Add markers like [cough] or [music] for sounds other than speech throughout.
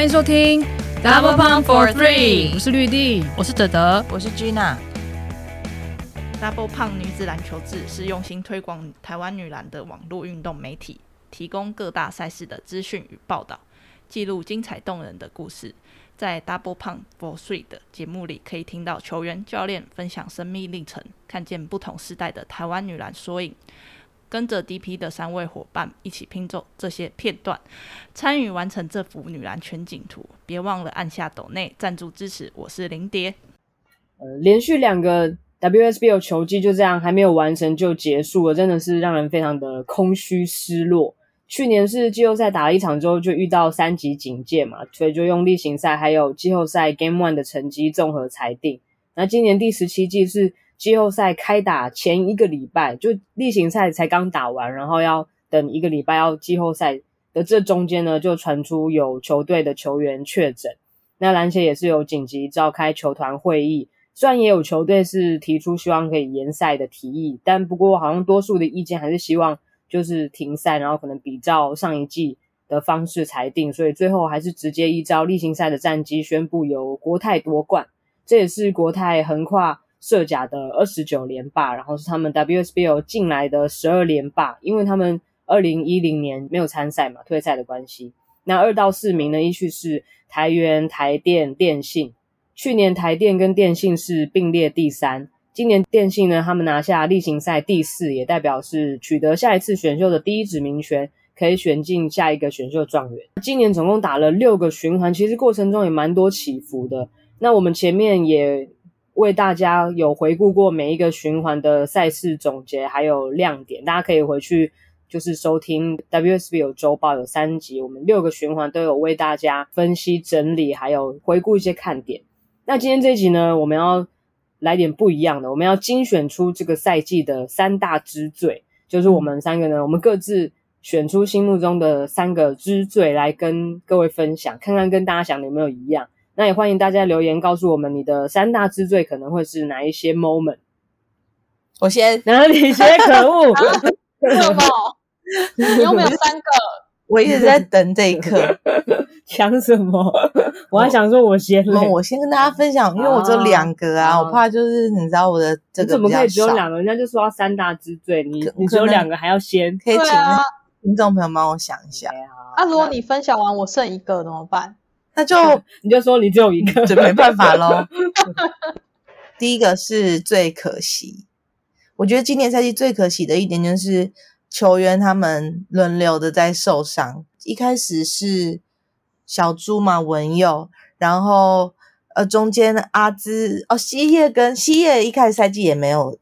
歡迎收聽 Double Pump for Three。我是綠地，我是德德，我是 Gina。Double Pump 女子籃球志是用心推廣台灣女籃的網絡運動媒體，提供各大賽事的資訊與報道，記錄精彩動人的故事。在 Double Pump for Three 的節目裡，可以聽到球員、教練分享生命歷程，看見不同世代的台灣女籃縮影。跟着 DP 的三位伙伴一起拼湊這些片段，參與完成這幅女籃全景圖。別忘了按下抖內贊助支持，我是林蝶。呃，連續兩個 WSBL 球季就這樣還沒有完成就結束了，真的是讓人非常的空虛失落。去年是季後賽打了一場之後就遇到三級警戒嘛，所以就用例行賽還有季後賽 Game One 的成績綜合裁定。那今年第十七季是，季後賽開打前一個禮拜，就例行賽才剛打完，然後要等一個禮拜要季後賽的這中間呢，就傳出有球隊的球員確診，那籃協也是有緊急召開球團會議，雖然也有球隊是提出希望可以延賽的提議，但不過好像多數的意見還是希望就是停賽，然後可能比照上一季的方式裁定，所以最後還是直接依照例行賽的戰績宣布由國泰奪冠，這也是國泰橫跨。社甲的二十九連霸，然後是他們 WSBL 進來的十二連霸，因為他們二零一零年沒有參賽嘛，退賽的關係。那二到四名呢，依序是台元、台電、電信。去年台電跟電信是並列第三，今年電信呢，他們拿下例行賽第四，也代表是取得下一次選秀的第一指名權，可以選進下一個選秀狀元。今年總共打了六個循環，其實過程中也蠻多起伏的。那我們前面也。為大家有回顧過每一個循環的賽事總結，還有亮點，大家可以回去就是收聽 WSBL 週報有三集，我們六個循環都有為大家分析整理，還有回顧一些看點。那今天這一集呢，我們要來點不一樣的，我們要精選出這個賽季的三大之最，就是我們三個呢，嗯、我們各自選出心目中的三個之最，來跟各位分享，看看跟大家想的有沒有一樣。那也歡迎大家留言告訴我們你的三大之最可能會是哪一些 moment。我先哪裡先可惡？你有沒有三個？我一直在等這一刻。 [laughs] 想什麼？我還想說我先、哦嗯。我先跟大家分享，因為我只有兩個啊，啊我怕就是你知道我的這個。怎麼可以只有兩個？人家就說要三大之最，你可你只有兩個還要先？可，可以請、啊、聽眾朋友幫我想一下。那、啊啊、如果你分享完我剩一個怎麼辦？那就你就說你只有一個，就沒辦法咯。 [laughs] 第一個是最可惜，我覺得今年賽季最可惜的一點就是球員他們輪流的在受傷。一開始是小朱嘛，文佑，然後呃中間阿茲哦西葉跟西葉一開始賽季也沒有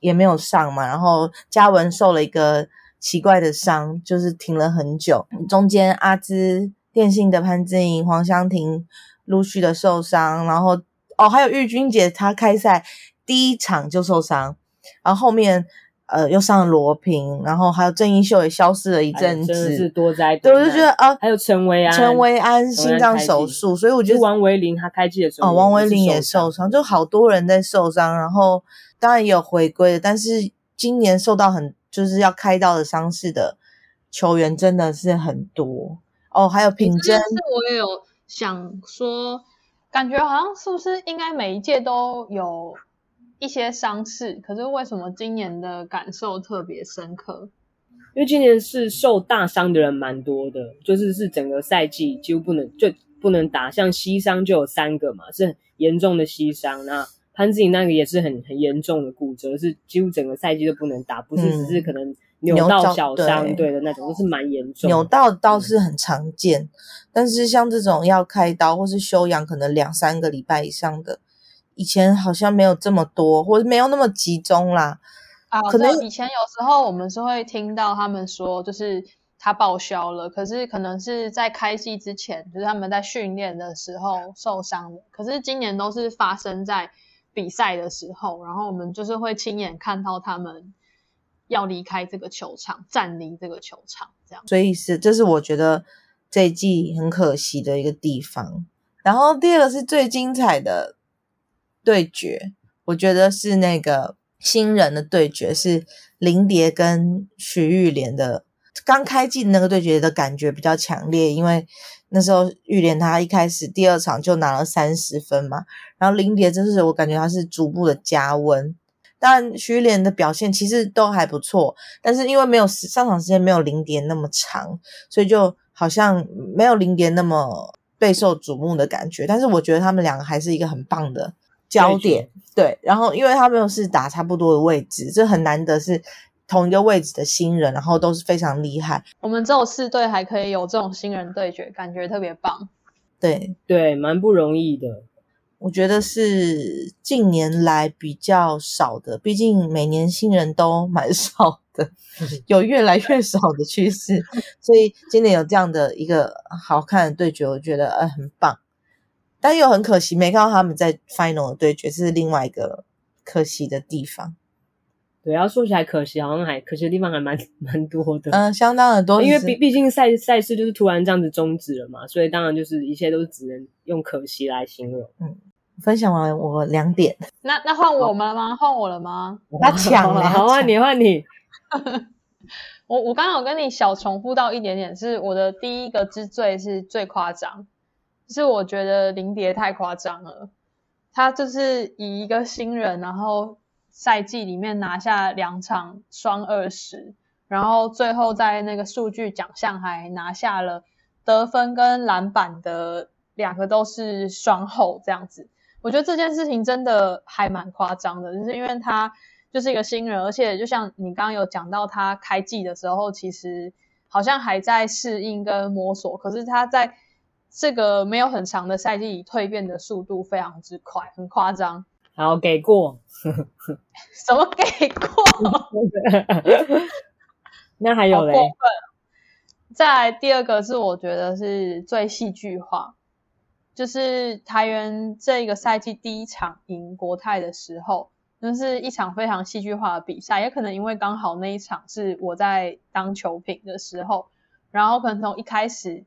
也沒有上嘛，然後嘉文受了一個奇怪的傷，就是停了很久。中間阿茲。電信的潘姿吟，黃湘婷陸續的受傷，然後哦，還有玉君姐她開賽第一場就受傷，然後後面呃又上羅平，然後還有鄭英秀也消失了一陣子，真的是多災多難。對，我就覺得啊，呃、還有陳維安，陳維安心臟手術，所以我覺得王維林他開季的時候哦，王維林也受傷，嗯，就好多人在受傷，然後當然也有回歸的，但是今年受到很就是要開刀的傷勢的球員真的是很多。哦，還有品真，但是我也有想說，感覺好像是不是應該每一屆都有一些傷勢，可是為什麼今年的感受特別深刻？因為今年是受大傷的人蠻多的，就是是整個賽季幾乎不能就不能打，像膝傷就有三個嘛，是很嚴重的膝傷。那潘姿吟那個也是很很嚴重的骨折，是幾乎整個賽季都不能打，不是只是可能。扭到腳傷，對的那種，就對是蠻嚴重的。扭到的倒是很常見，嗯、但是像這種要開刀或是休養，可能兩三個禮拜以上的，以前好像沒有這麼多，或者沒有那麼集中啦。啊，可能、啊、以前有時候我們是會聽到他們說，就是他報銷了，可是可能是在開戲之前，就是他們在訓練的時候受傷了。可是今年都是發生在比賽的時候，然後我們就是會親眼看到他們。要離開這個球場，佔領這個球場，這樣，所以是這是我覺得這一季很可惜的一個地方。然後第二個是最精彩的對決，我覺得是那個新人的對決，是林蝶跟徐玉蓮的。剛開季那個對決的感覺比較強烈，因為那時候玉蓮她一開始第二場就拿了三十分嘛，然後林蝶真是我感覺她是逐步的加溫。但徐玉蓮的表現其實都還不錯，但是因為沒有上場時間，沒有林蝶那麼長，所以就好像沒有林蝶那麼備受矚目的感覺。但是我覺得他們兩個還是一個很棒的焦點。對，決對，然後因為他們又是打差不多的位置，這很難得是同一個位置的新人，然後都是非常厲害。我們只有四隊還可以有這種新人對決，感覺特別棒。對對，蠻不容易的。我覺得是近年來比較少的，畢竟每年新人都蠻少的，有越來越少的趨勢， [laughs] 所以今年有這樣的一個好看的對決，我覺得呃很棒，但又很可惜沒看到他們在 final 的對決，是另外一個可惜的地方。對，要說起來可惜，好像還可惜的地方還蠻蠻多的。嗯，相當的多，因為畢畢竟賽賽事就是突然這樣子終止了嘛，所以當然就是一切都是只能用可惜來形容。嗯。分享完我兩點，那那換我們了嗎？換我了嗎？那搶了，換你換你。 [laughs] 我我剛好有跟你小重複到一點點，是我的第一個之最是最誇張，就是我覺得林蝶太誇張了。他就是以一個新人，然後賽季裡面拿下兩場雙二十，然後最後在那個數據獎項還拿下了得分跟籃板的兩個都是雙後這樣子。我覺得這件事情真的還蠻誇張的，就是因為他就是一個新人，而且就像你剛剛有講到，他開季的時候其實好像還在適應跟摸索，可是他在這個沒有很長的賽季裡蛻變的速度非常之快，很誇張。好，給過， [laughs] [laughs] 什麼給過？ [laughs] 那還有嘞，再來第二個是我覺得是最戲劇化。就是台元這一個賽季第一場贏國泰的時候，那、就是一場非常戲劇化的比賽。也可能因為剛好那一場是我在當球評的時候，然後可能從一開始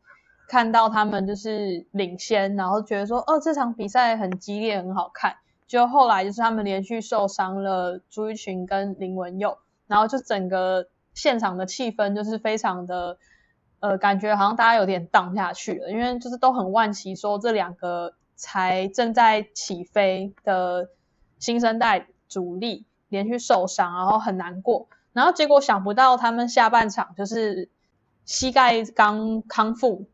看到他們就是領先，然後覺得說，哦這場比賽很激烈，很好看。就後來就是他們連續受傷了朱一群跟林文佑，然後就整個現場的氣氛就是非常的。呃，感覺好像大家有點 down 下去了，因為就是都很惋惜，說這兩個才正在起飛的新生代主力連續受傷，然後很難過。然後結果想不到他們下半場就是膝蓋剛康復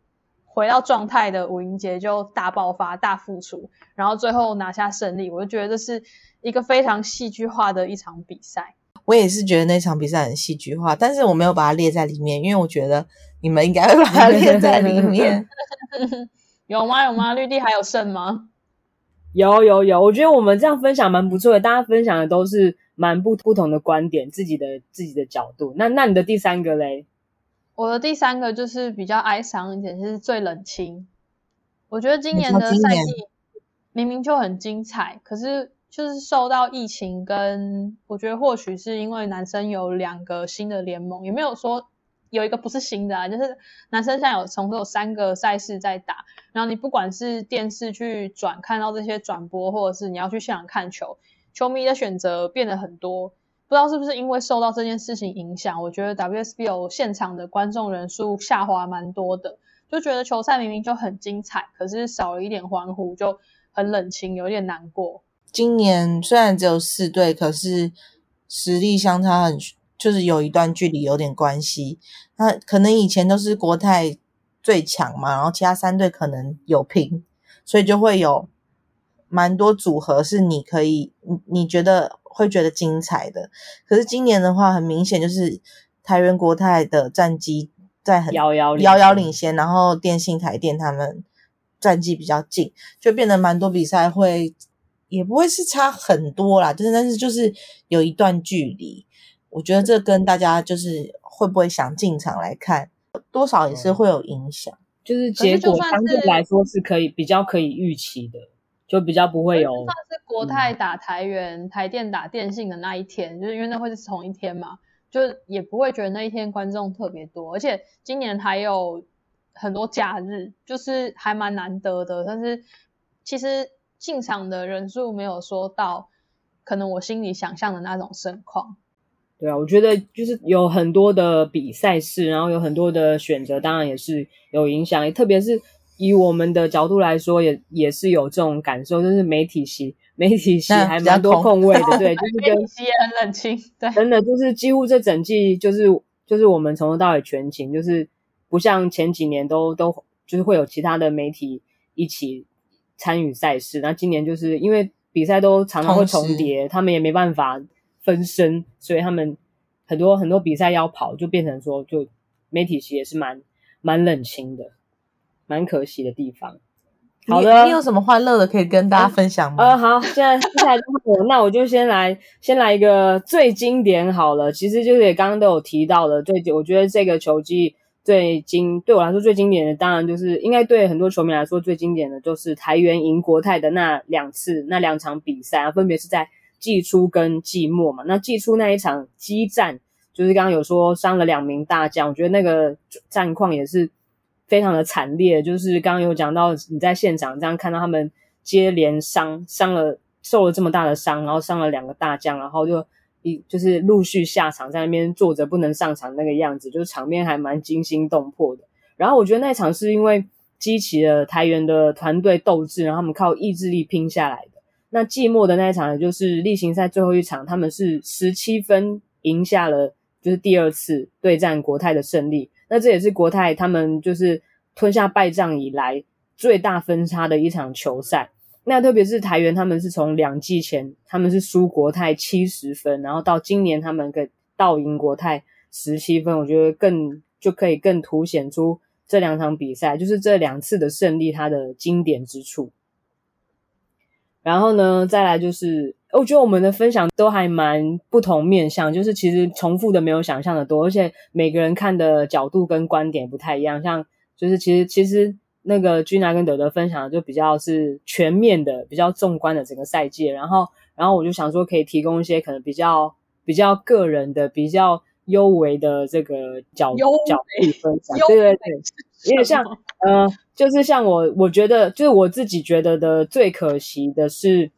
回到狀態的吳英杰就大爆發、大復出，然後最後拿下勝利。我就覺得這是一個非常戲劇化的一場比賽。我也是覺得那場比賽很戲劇化，但是我沒有把它列在裡面，因為我覺得。你們應該會把它列在裡面， [laughs] 有嗎？有嗎？綠地還有剩嗎？ [laughs] 有有有，我覺得我們這樣分享蠻不錯的，大家分享的都是蠻不不同的觀點，自己的自己的角度。那那你的第三個嘞？我的第三個就是比較哀傷一點，是最冷清。我覺得今年的賽季明明就很精彩，可是就是受到疫情跟我覺得或許是因為男生有兩個新的聯盟，也沒有說。有一個不是新的啊，就是男生現在有同時有三個賽事在打，然後你不管是電視去轉看到這些轉播，或者是你要去現場看球，球迷的選擇變得很多。不知道是不是因為受到這件事情影響，我覺得 WSBL 現場的觀眾人數下滑蠻多的，就覺得球賽明明就很精彩，可是少了一點歡呼就很冷清，有點難過。今年雖然只有四隊，可是實力相差很。就是有一段距離，有點關係。那可能以前都是國泰最強嘛，然後其他三隊可能有拼，所以就會有蠻多組合是你可以，你你覺得會覺得精彩的。可是今年的話，很明顯就是台元國泰的戰績在很遙遙遙遙領先，然後電信台電他們戰績比較近，就變得蠻多比賽會也不會是差很多啦，就是但是就是有一段距離。我覺得這跟大家就是會不會想進場來看，多少也是會有影響。嗯、就是結果相對來說是可以比較可以預期的，就比較不會有。就算是國泰打台元、嗯、台電打電信的那一天，就是因為那會是同一天嘛，就也不會覺得那一天觀眾特別多。而且今年還有很多假日，就是還蠻難得的。但是其實進場的人數沒有說到可能我心裡想象的那種盛況。對啊，我覺得就是有很多的比賽事，然後有很多的選擇，當然也是有影響。也特別是以我們的角度來說也，也也是有這種感受，就是媒體席，媒體席還蠻多空位的，對，就是跟 [laughs] 媒體席很冷清，對，真的就是幾乎這整季就是就是我們從頭到尾全勤，就是不像前幾年都都就是會有其他的媒體一起參與賽事，那今年就是因為比賽都常常會重疊，時他們也沒辦法。分身，所以他們很多很多比賽要跑，就變成說，就媒體其實也是蠻蠻冷清的，蠻可惜的地方。好的，你，你有什麼歡樂的可以跟大家分享嗎？呃，呃，好，現在現在來到我 [laughs] 那我就先來先來一個最經典好了。其實就是也剛剛都有提到了，最我覺得這個球季最經對我來說最經典的，當然就是應該對很多球迷來說最經典的，就是台元贏國泰的那兩次那兩場比賽啊，分別是在。季初跟季末嘛，那季初那一場激戰，就是剛剛有說傷了兩名大將，我覺得那個戰況也是非常的慘烈。就是剛剛有講到你在現場這樣看到他們接連傷傷了，受了這麼大的傷，然後傷了兩個大將，然後就一就是陸續下場，在那邊坐着不能上場那個樣子，就是場面還蠻驚心動魄的。然後我覺得那一場是因為激起了台元的團隊鬥志，然後他們靠意志力拼下來。那季末的那一場，也就是例行賽最後一場，他們是十七分贏下了，就是第二次對戰國泰的勝利。那這也是國泰他們就是吞下敗仗以來最大分差的一場球賽。那特別是台元，他們是從兩季前他們是輸國泰七十分，然後到今年他們給倒贏國泰十七分，我覺得更就可以更凸顯出這兩場比賽，就是這兩次的勝利它的經典之處。然後呢，再來就是，我覺得我們的分享都還蠻不同面向。就是其實重複的沒有想象的多，而且每個人看的角度跟觀點不太一樣。像就是其實其實那個君娜跟德德分享的就比較是全面的，比較縱觀的整個賽季。然後然後我就想說，可以提供一些可能比較比較個人的、比較優微的這個角度美角度分享。美對對對，有點美像嗯。嗯就是像我，我覺得就是我自己覺得的最可惜的是，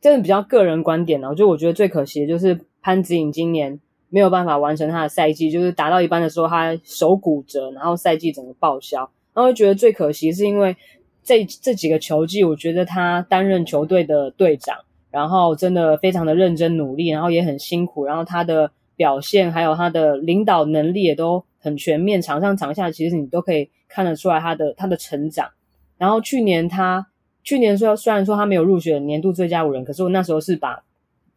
真的比較個人觀點哦、啊，就我覺得最可惜的就是潘姿吟今年沒有辦法完成他的賽季，就是打到一半的時候他手骨折，然後賽季整個報銷。然後我覺得最可惜是因為這這幾個球季，我覺得他擔任球隊的隊長，然後真的非常的認真努力，然後也很辛苦，然後他的表現還有他的領導能力也都很全面，場上場下其實你都可以。看得出來他的他的成長，然後去年他去年說雖，雖然說他沒有入選年度最佳五人，可是我那時候是把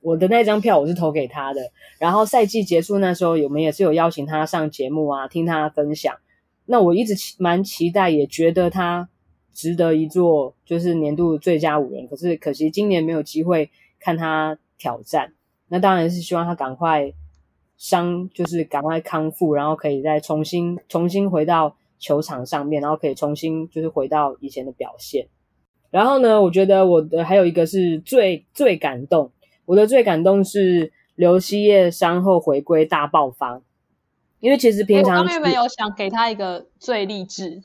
我的那張票我是投給他的。然後賽季結束那時候，我們也是有邀請他上節目啊，聽他分享。那我一直期蠻期待，也覺得他值得一座就是年度最佳五人，可是可惜今年沒有機會看他挑戰。那當然是希望他趕快傷就是趕快康復，然後可以再重新重新回到。球場上面，然後可以重新就是回到以前的表現。然後呢，我覺得我的還有一個是最最感動，我的最感動是劉希曄傷後回歸大爆發。因為其實平常，他、欸、沒有想給他一個最勵志。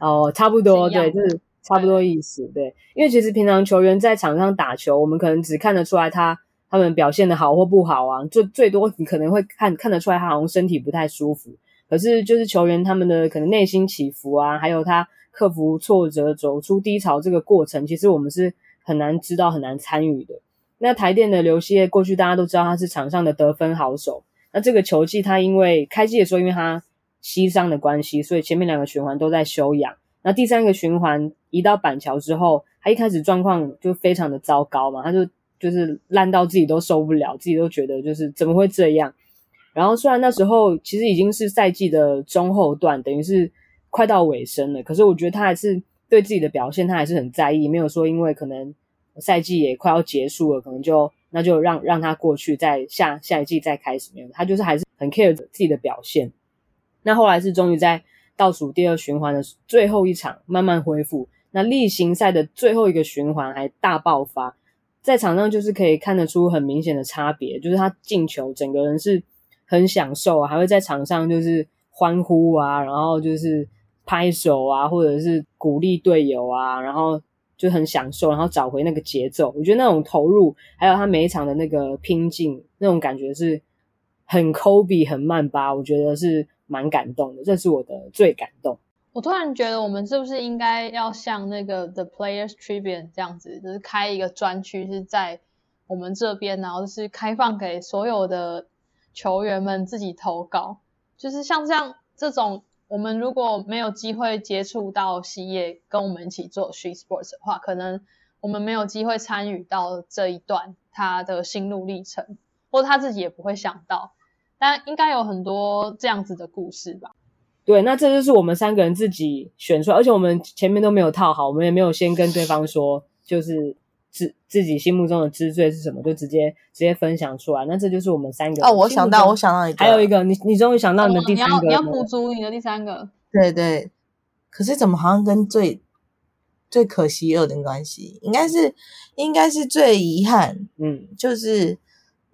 哦，差不多，怎樣？對，就是差不多意思，對，對。因為其實平常球員在場上打球，我們可能只看得出來他他們表現的好或不好啊，就最多你可能會看看得出來他好像身體不太舒服。可是，就是球員他們的可能內心起伏啊，還有他克服挫折，走出低潮這個過程，其實我們是很難知道、很難參與的。那台電的劉希曄，過去大家都知道他是場上的得分好手。那這個球季他因為開季的時候，因為他膝傷的關係，所以前面兩個循環都在休養。那第三個循環移到板橋之後，他一開始狀況就非常的糟糕嘛，他就就是爛到自己都受不了，自己都覺得就是怎麼會這樣。然後雖然那時候其實已經是賽季的中後段，等於是快到尾聲了，可是我覺得他還是對自己的表現，他還是很在意，沒有說因為可能賽季也快要結束了，可能就那就讓讓他過去，再下下一季再開始。沒有，他就是還是很 care 自己的表現。那後來是終於在倒數第二循環的最後一場慢慢恢復，那例行賽的最後一個循環還大爆發，在場上就是可以看得出很明顯的差別，就是他進球，整個人是。很享受，啊，還會在場上就是歡呼啊，然後就是拍手啊，或者是鼓勵隊友啊，然後就很享受，然後找回那個節奏。我覺得那種投入，還有他每一場的那個拼勁，那種感覺是很科比、很曼巴，我覺得是蠻感動的。這是我的最感動。我突然覺得，我們是不是應該要像那個《The Players Tribune》這樣子，就是開一個專區，是在我們這邊，然後就是開放給所有的。球員們自己投稿，就是像這樣這種，我們如果沒有機會接觸到希曄跟我們一起做 sports 的話，可能我們沒有機會參與到這一段他的心路歷程，或他自己也不會想到。但應該有很多這樣子的故事吧？對，那這就是我們三個人自己選出來，而且我們前面都沒有套好，我們也沒有先跟對方說，就是。自自己心目中的之最是什麼，就直接直接分享出來。那這就是我們三個。哦，我想到，我想到你。還有一個，你你終於想到你的第三個。啊、你要對不對，你要補足你的第三個。對對。可是怎麼好像跟最最可惜也有點關係？應該是應該是最遺憾。嗯，就是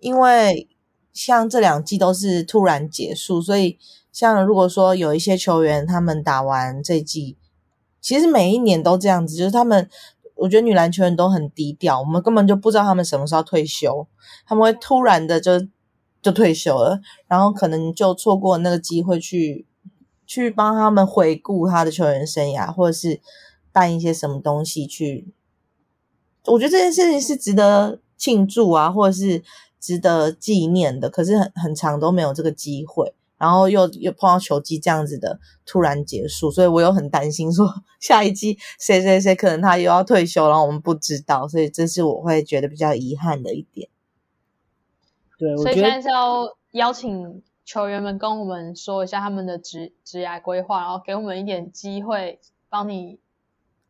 因為像這兩季都是突然結束，所以像如果說有一些球員他們打完這季，其實每一年都這樣子，就是他們。我覺得女籃球員都很低調，我們根本就不知道他們什麼時候退休，他們會突然的就就退休了，然後可能就錯過那個機會去去幫他們回顧他的球員生涯，或者是辦一些什麼東西去。我覺得這件事情是值得慶祝啊，或者是值得紀念的，可是很很常都沒有這個機會。然後又又碰到球季這樣子的突然結束，所以我又很擔心說，下一季誰誰誰可能他又要退休，然後我們不知道，所以這是我會覺得比較遺憾的一點。對，所以現在是要邀請球員們跟我們說一下他們的職職涯規劃，然後給我們一點機會幫你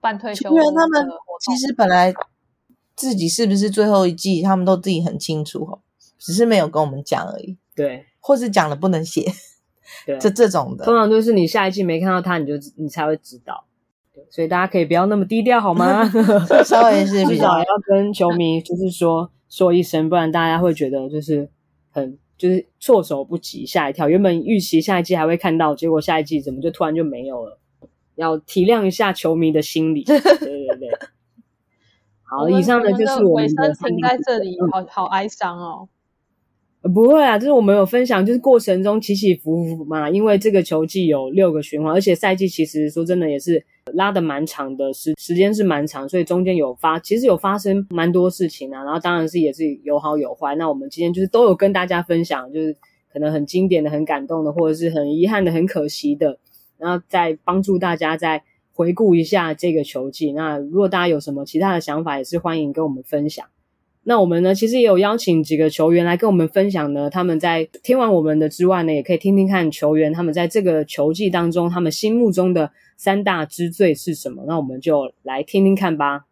辦退休。因為他們其實本來自己是不是最後一季，他們都自己很清楚，只是沒有跟我們講而已。對。或是講了不能寫，對、啊，這這種的，通常都是你下一季沒看到他，你就你才會知道，所以大家可以不要那麼低調好嗎？ [laughs] 稍微是至少要跟球迷就是說 [laughs] 說一聲，不然大家會覺得就是很就是措手不及，嚇一跳。原本預期下一季還會看到，結果下一季怎麼就突然就沒有了？要體諒一下球迷的心理。 [laughs] 對對對，好， [laughs] 以上的就是我我的。尾聲、 [laughs] 嗯、停在這裡好，好好哀傷哦。不會啊，就是我們有分享，就是過程中起起伏伏嘛。因為這個球季有六個循環，而且賽季其實說真的也是拉得蠻長的，時時間是蠻長，所以中間有發，其實有發生蠻多事情啊。然後當然是也是有好有壞。那我們今天就是都有跟大家分享，就是可能很經典的、很感動的，或者是很遺憾的、很可惜的，然後再幫助大家再回顧一下這個球季。那如果大家有什麼其他的想法，也是歡迎跟我們分享。那我們呢，其實也有邀請幾個球員來跟我們分享呢。他們在聽完我們的之外呢，也可以聽聽看球員他們在這個球季當中，他們心目中的三大之最是什麼。那我們就來聽聽看吧。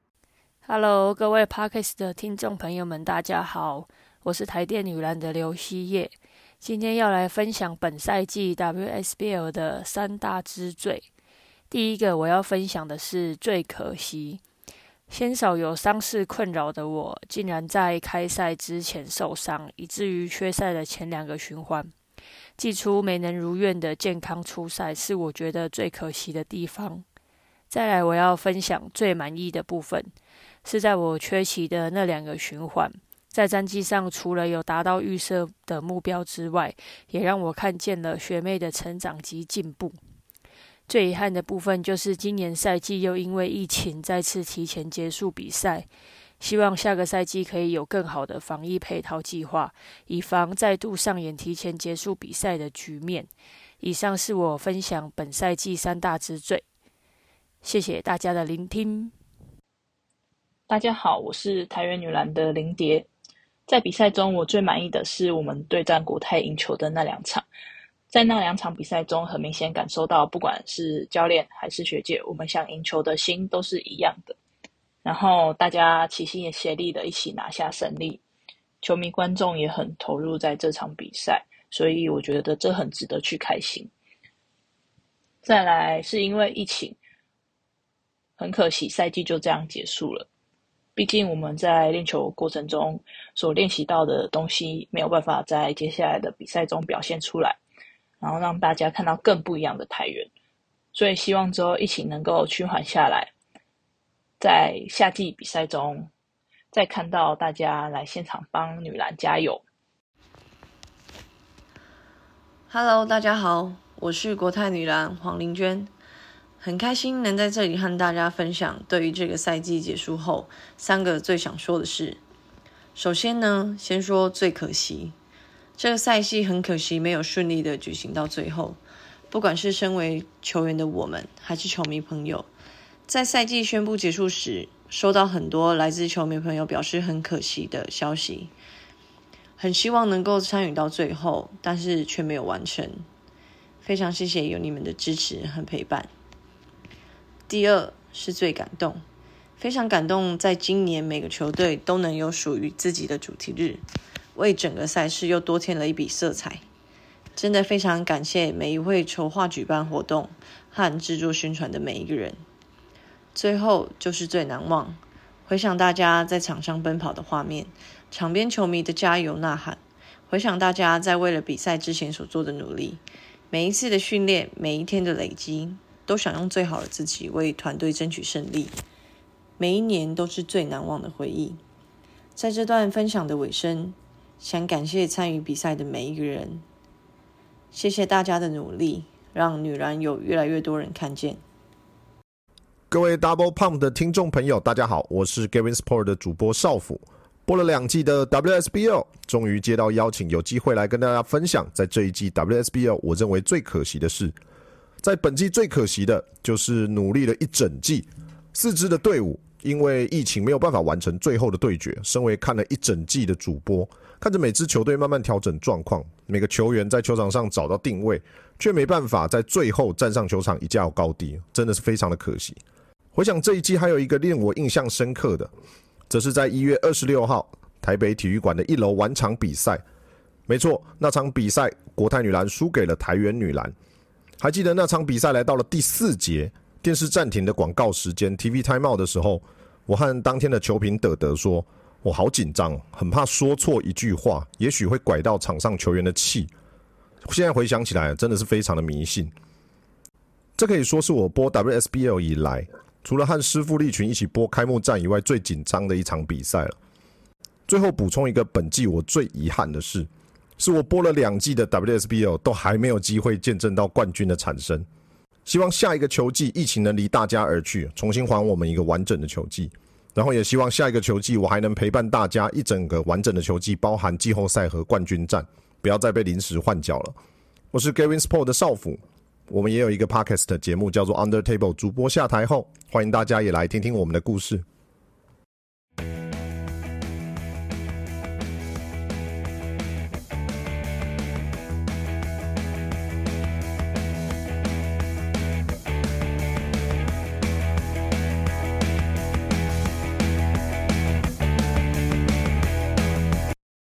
Hello，各位 Podcast 的聽眾朋友們，大家好，我是台電女籃的劉希曄，今天要來分享本賽季 WSBL 的三大之最。第一個我要分享的是最可惜。鮮少有傷勢困擾的我，竟然在開賽之前受傷，以至於缺賽的前兩個循環，季初沒能如願的健康出賽，是我覺得最可惜的地方。再來，我要分享最滿意的部分，是在我缺席的那兩個循環，在戰績上除了有達到預設的目標之外，也讓我看見了學妹的成長及進步。最遺憾的部分就是今年賽季又因為疫情再次提前結束比賽，希望下個賽季可以有更好的防疫配套計劃，以防再度上演提前結束比賽的局面。以上是我分享本賽季三大之最，謝謝大家的聆聽。大家好，我是台元女籃的林蝶，在比賽中我最滿意的是我們對戰國泰贏球的那兩場。在那兩場比賽中，很明顯感受到，不管是教練還是學姐，我們想贏球的心都是一樣的。然後大家齊心也協力的，一起拿下勝利。球迷觀眾也很投入在這場比賽，所以我覺得這很值得去開心。再來是因為疫情，很可惜賽季就這樣結束了。畢竟我們在練球過程中所練習到的東西，沒有辦法在接下來的比賽中表現出來。然後讓大家看到更不一樣的台元，所以希望之後疫情能夠趨緩下來，在夏季比賽中再看到大家來現場幫女籃加油。Hello，大家好，我是國泰女籃黃鈴娟，很開心能在這裡和大家分享對於這個賽季結束後三個最想說的事。首先呢，先說最可惜。這個賽季很可惜沒有順利的舉行到最後，不管是身為球員的我們，還是球迷朋友，在賽季宣布結束時，收到很多來自球迷朋友表示很可惜的消息，很希望能夠參與到最後，但是卻沒有完成。非常謝謝有你們的支持和陪伴。第二是最感動，非常感動，在今年每個球隊都能有屬於自己的主題日。為整個賽事又多添了一筆色彩，真的非常感謝每一位籌劃、舉辦活動和制作宣傳的每一個人。最後就是最難忘，回想大家在場上奔跑的畫面，場邊球迷的加油吶喊，回想大家在為了比賽之前所做的努力，每一次的訓練，每一天的累積，都想用最好的自己為團隊爭取勝利。每一年都是最難忘的回憶，在這段分享的尾聲。想感謝參與比賽的每一個人，謝謝大家的努力，讓女籃有越來越多人看見。各位 Double Pump 的聽眾朋友，大家好，我是 Gavin Sport 的主播紹甫，播了兩季的 WSBL，終於接到邀請，有機會來跟大家分享。在這一季 WSBL，我認為最可惜的是，在本季最可惜的就是努力了一整季，四支的隊伍因為疫情沒有辦法完成最後的對決。身為看了一整季的主播，看着每支球隊慢慢調整狀況，每個球員在球場上找到定位，卻沒辦法在最後站上球場一較高低，真的是非常的可惜。回想這一季，還有一個令我印象深刻的，則是在一月二十六號台北體育館的一樓完場比賽。沒錯，那場比賽國泰女籃輸給了台元女籃。還記得那場比賽來到了第四節，電視暫停的廣告時間 TV Time Out 的時候，我和當天的球評德德說。我好緊張，很怕說錯一句話，也許會拐到場上球員的氣。現在回想起來，真的是非常的迷信。這可以說是我播 WSBL 以來，除了和師傅立群一起播開幕戰以外，最緊張的一場比賽了。最後補充一個，本季我最遺憾的事，是我播了兩季的 WSBL，都還沒有機會見證到冠軍的產生。希望下一個球季，疫情能離大家而去，重新還我們一個完整的球季。然後也希望下一個球季，我還能陪伴大家一整個完整的球季，包含季後賽和冠軍戰，不要再被臨時換腳了。我是 Gavin Sport 的紹甫，我們也有一個 Podcast 的節目叫做 Under Table，主播下台後，歡迎大家也來聽聽我們的故事。